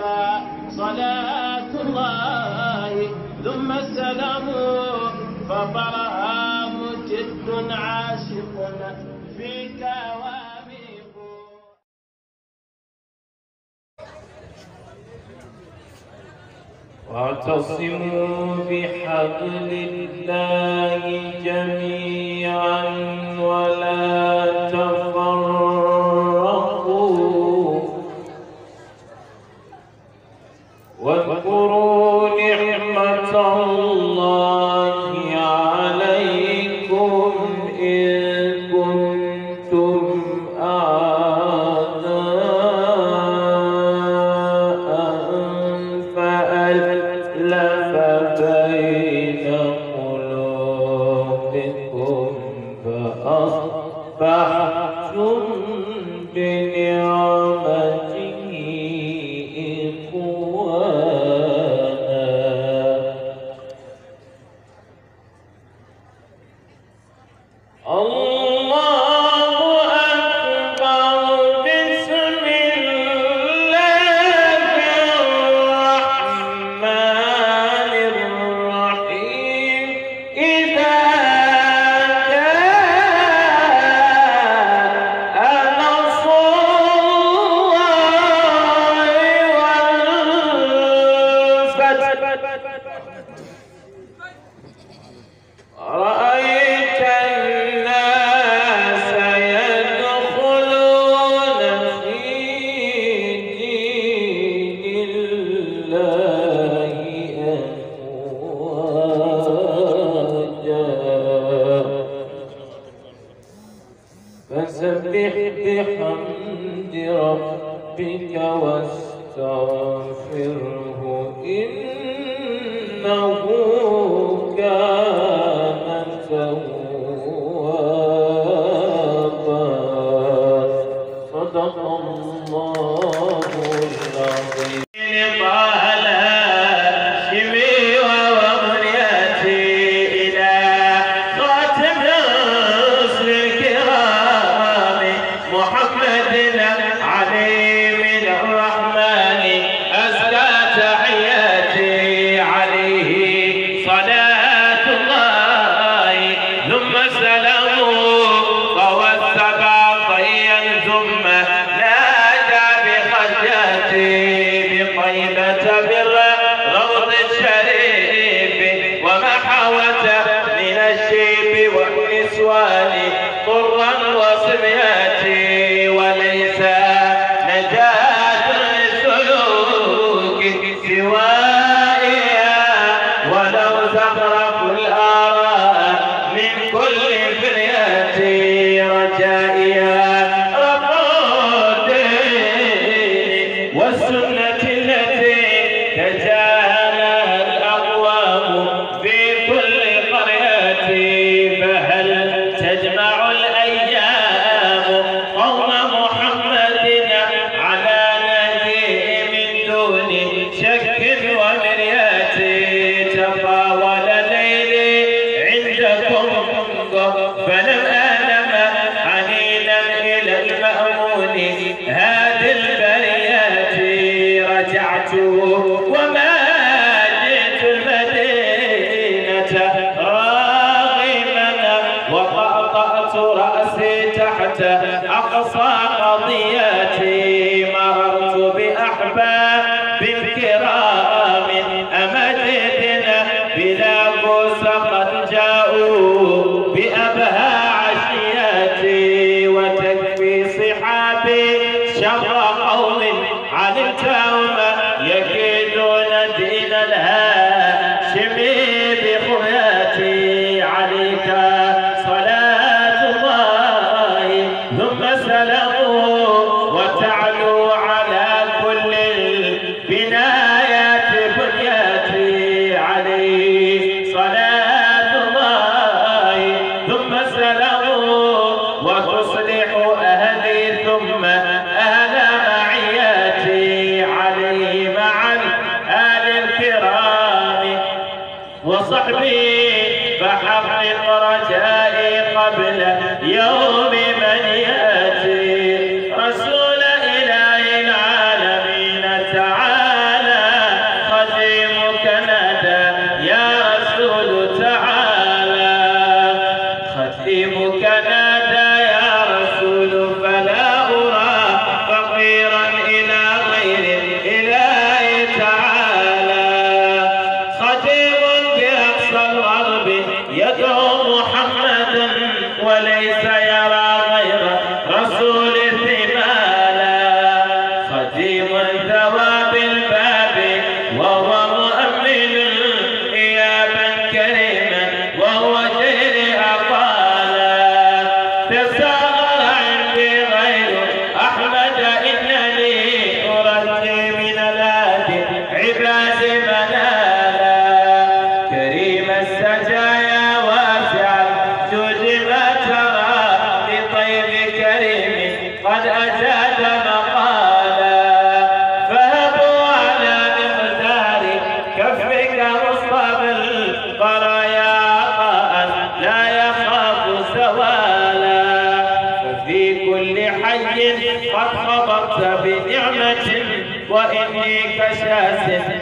عليك صلاة الله ثم السلام فطرها مجد عاشق فيك واميق واعتصموا بحبل الله جميعا ولا وما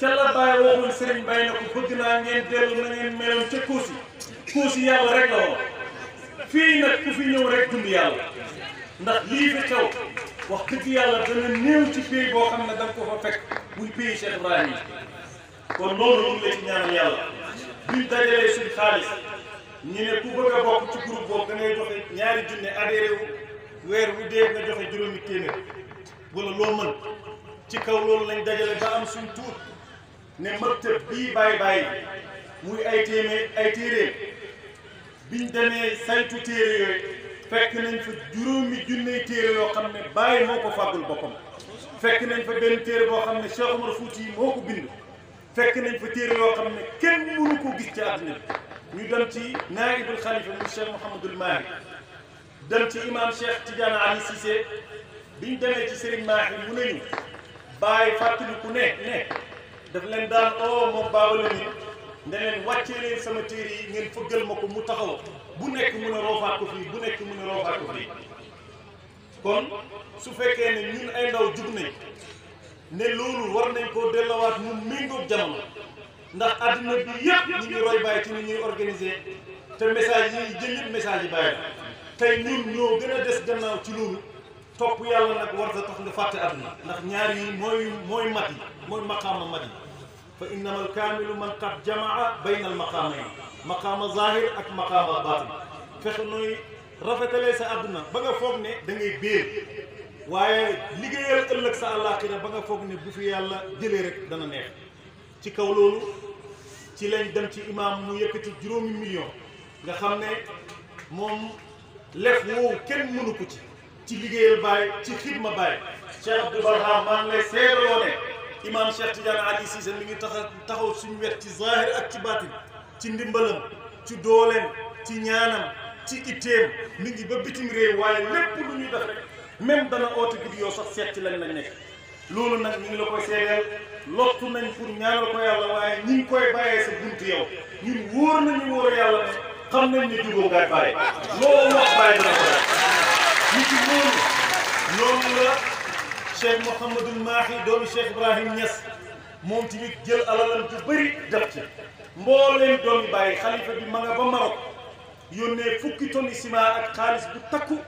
ca la bàyyi woon Serigne Baye na ko bëgg naa ngeen dellu na ngeen meloon ca kuusi kuusi yàlla rek la woon fii nag ku fi ñëw rek dund yàlla ndax lii fi xew wax dëgg yàlla dana néew ci pays boo xam ne da nga ko fa fekk muy pays Cheikh Ibrahima kon loolu ñu ngi la ci ñaanal yàlla buñ dajalee suñ xaalis ñu ne ku bëgg a bokk ci groupe boobu da ngay joxe ñaari junne adhéré wu weer wu dee nga joxe juróomi téeméer wala loo mën ci kaw loolu lañ dajale ba am suñ tuut ne mëktëb bii bàyyi bàyyi muy ay téeméer ay téere biñ demee saytu téere yooyu fekk nañ fa juróomi junney téere yoo xam ne bàyyi moo ko fàggul boppam fekk nañ fa benn téere boo xam ne Cheikh Omar Fouti yi moo ko bind fekk nañ fa téere yoo xam ne kenn mënu ko gis ci àddina bi ñu dem ci naayibul xalifa mu Cheikh Mouhamadul Mahi dem ci imam Cheikh Tidiane Ali Cissé biñ demee ci Serigne Mahi mu ne ñu bàyyi fàttaliku ne ne daf leen daan oo oh, moom Baaba Lamin ne leen wàccee leen sama téere yi ngeen fëggal ma ko mu taxaw bu nekk mën a roofaat ko fii bu nekk a ko fii kon su fekkee ne ñun ay ndaw jug nañ ne loolu war nañ koo dellowaat mu méngoog jamono ndax àdduna bi yëpp ñu ngi roy bàyyi ci ni ñuy organiser te message yi jël yëpp message yi bàyyi tey ñun ñoo gën a des gannaaw ci loolu topp yàlla nag war sa tax nga fàtte àdduna ndax ñaar yi mooy mooy mat yi mooy maqaama mat yi fa innama alkaamilu man qad jamaa bayna almaqaamayn maqaama zahir ak maqaama baatin fexe nooy rafetalee sa àdduna ba nga foog ne da ngay béer waaye liggéeyal ëllëg sa àllaaxira ba nga foog ne bu fi yàlla jëlee rek dana neex ci kaw loolu ci lañ dem ci imaam mu yëkkati juróomi million nga xam ne moom lef woowu kenn mënu ko ci ci liggéeyal baay ci xidma baay Cheikh Abdou Barham maa ngi lay seerloo ne imam Cheikh Tidiane Ali Cissé mi ngi taxa taxaw suñu wet ci zahir ak ci baatin ci ndimbalam ci dooleem ci ñaanam ci itteem ni ngi ba bitim réew waaye lépp lu ñuy def rek même dana oote vidéo sax seet ci lañ lañ nekk loolu nag ñu ngi la koy seedeel lottu nañ pour ñaanal ko yàlla waaye ñi ngi koy bàyyee sa buntu yow ñun wóor nañu wóor yàlla ne xam nañ ne jubóo ngay bàyyi loolu wax bàyyi dina ko ci loolu loolu la Cheikh Mouhamadul Mahi doomu Cheikh Ibrahim Niass moom tamit jël alalam ju bëri def ci mbooleem doomi bàyyi xalifa bi ma nga ba Maroc yónnee fukki tonni ciment ak xaalis bu takku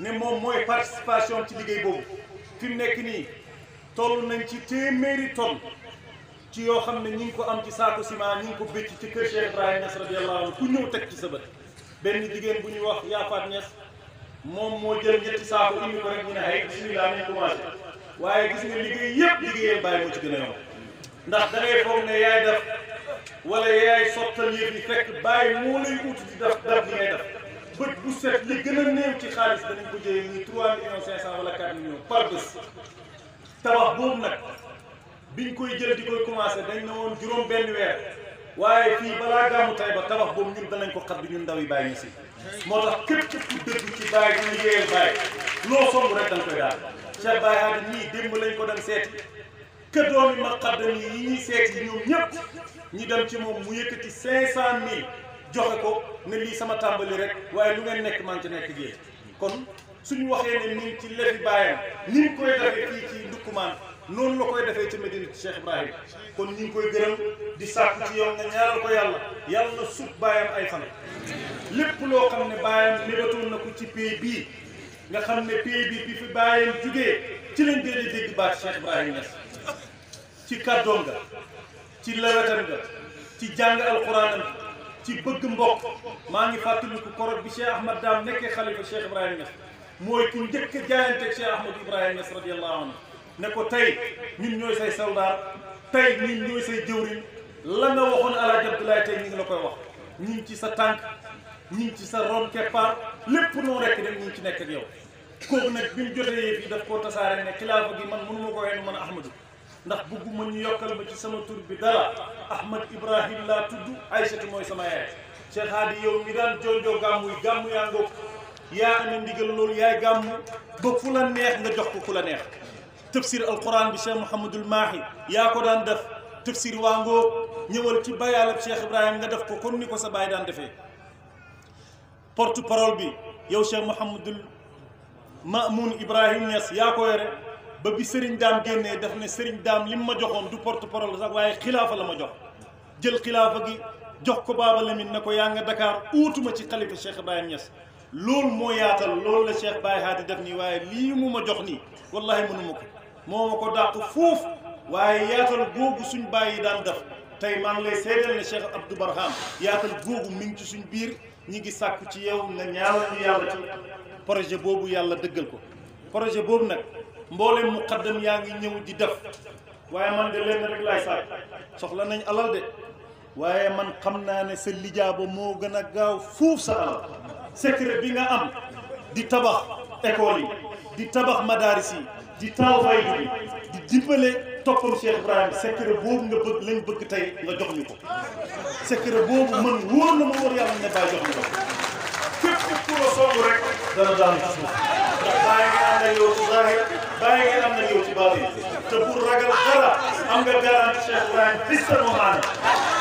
ne moom mooy participation ci liggéey boobu fi mu nekk nii toll nañ ci téeméeri ton ci yoo xam ne ñi ngi ko am ci saako ciment ñi ngi ko bëcc ci kër Cheikh Ibrahim Niass radiyallahu anhu ku ñëw teg ci sa bët benn jigéen bu ñuy wax Yaafaat Niass moom moo jël ñetti saako indi ko rek mu ne ay bismillah nañ commencé waaye gis nga liggéey yëpp liggéeyam bàyyi moo ci gën a yomb ndax da ngay foog ne yaay def wala yaay sottal yëf yi fekk bàyyi moo lay uti di def def li ngay def bët bu set li gën a néew ci xaalis danañ ko jëlee muy 3 millions 500 wala 4 millions par bés tabax boobu nag biñ koy jël di koy commencé dañ ne woon juróom benn weer. waaye fii balaa gàmmu ba tabax boobu ñun danañ ko xat bi ñun ndaw bàyyi ñu si moo tax képp képp ku dëgg ci bàyyi ñu yéeyal bàyyi loo somb rek dañ koy daal Cheikh Baye Hadi nii démb lañ ko dem seeti ke doomi ma xaddam yi ñuy seet yi ñoom ñëpp ñi dem ci moom mu yëkkati cinq cent mille joxe ko ne lii sama tàmbali rek waaye lu ngeen nekk maa ngi nekk géej kon suñu waxee ne ni ci lefi bàyyam ni mu koy defee fii ci ndukkumaan noonu la koy defee ci Medina Cheikh Ibrahim kon ñu ngi koy gërëm di sàkku ci yow nga ñaanal ko yàlla yàlla na suuf baayam ay fan lépp loo xam ne baayam mébatoon na ko ci pays bii nga xam ne pays bii bi fi baayam jugee ci lañ gën a dégg baat Cheikh Ibrahim Niass ci kàddoom nga ci lawetam nga ci jàng alxuraanam ci bëgg mbokk maa ngi fàttaliku korog bi Cheikh Ahmad Daam nekkee xalifa Cheikh Ibrahim Niass mooy ku njëkk a jaayante Cheikh Ahmad Ibrahim Niass radiyallahu anhu ne ko tey ñun ñooy say soldaar tey ñun ñooy say jëwriñ la nga waxoon Alaaji Abdoulaye tey ñu la koy wax ñu ngi ci sa tànk ñu ngi ci sa ron keppaar lépp noo rekk dem ñu ngi ci nekk ak yow kooku nag bi mu jotee yëf daf koo tasaare ne xilaafa gi man mënu ma ko xeenu man Ahmadou ndax bëgguma ñu yokkal ma ci sama tur bi dara Ahmad Ibrahim laa tudd Aysatu mooy sama yaay Cheikh Hadi yow mi daan jonjoo gàmmuy gàmmu yaa ngoog yaa amee ndigal loolu yaay gàmmu ba fu la neex nga jox ko ku la neex tafsir alquran bi cheikh Mouhamadul Mahi yaa ko daan def tafsir waa ngóog ñëwal ci bayaalab cheikh Ibrahim nga def ko kon ni ko sa baay daan defee porte parole bi yow cheikh Mouhamadul Mamoun Ibrahim Niass yaa ko yore ba bi sëriñ daam génnee daf ne Serigne Dame li ma joxoon du port parole sax waaye xilaafa la ma jox jël xilaafa gi jox ko Baaba Lamine na ko yaa nga Dakar uutuma ci xalifa cheikh Ibrahim Niass. loolu moo yaatal loolu la Cheikh Baye Hadi waaye lii ma jox nii wallahi mënuma ko moo ma ko dàq fuuf waaye yaatal googu suñ bàyyi daan def tey maa ngi lay seedal ne Cheikh Abdou Barham yaatal googu mi ngi ci suñu biir ñi ngi sàkku ci yow nga ñaanal ñu yàlla ci projet boobu yàlla dëggal ko projet boobu nag mboolem muqaddam yaa ngi ñëw di def waaye man de lenn rek laay sàkk soxla nañ alal de waaye man xam naa ne sa lijaaba moo gën a gaaw fuuf sa alal secret bi nga am di tabax école yi di tabax madaris yi di travail di dimbale toppam Cheikh Ibrahima secret boobu nga bëgg lañ bëgg tey nga jox ñu ko secret boobu man wóor na ma wóor yàlla ne bàyyi jox ñu ko képp ku na yow am ragal dara am nga garanti Cheikh Ibrahima bis sa maanaam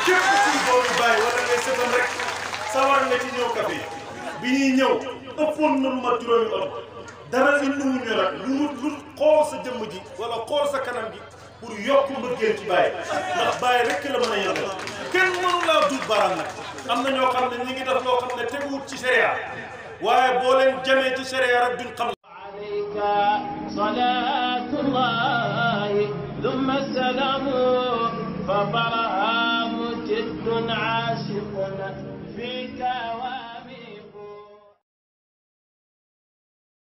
képp kuy boobu bàyyi wala ngay sëbam rek sawar nga ci ñëw café bi ñuy ñëw ëppoon na lu ma juróomi ëpp dara indiwuñu nag lu mu lu xool sa jëmm ji wala xool sa kanam gi pour yokk mbëggeel ci bàyyi ndax bàyyi rek la mën a yëngal kenn mënu laa duut baaraam nag am na ñoo xam ne ñi ngi def loo xam ne teguwut ci sharia waaye boo leen jamee ci sharia rek duñ ta alayka salaatullahi thumma salaamu fa bara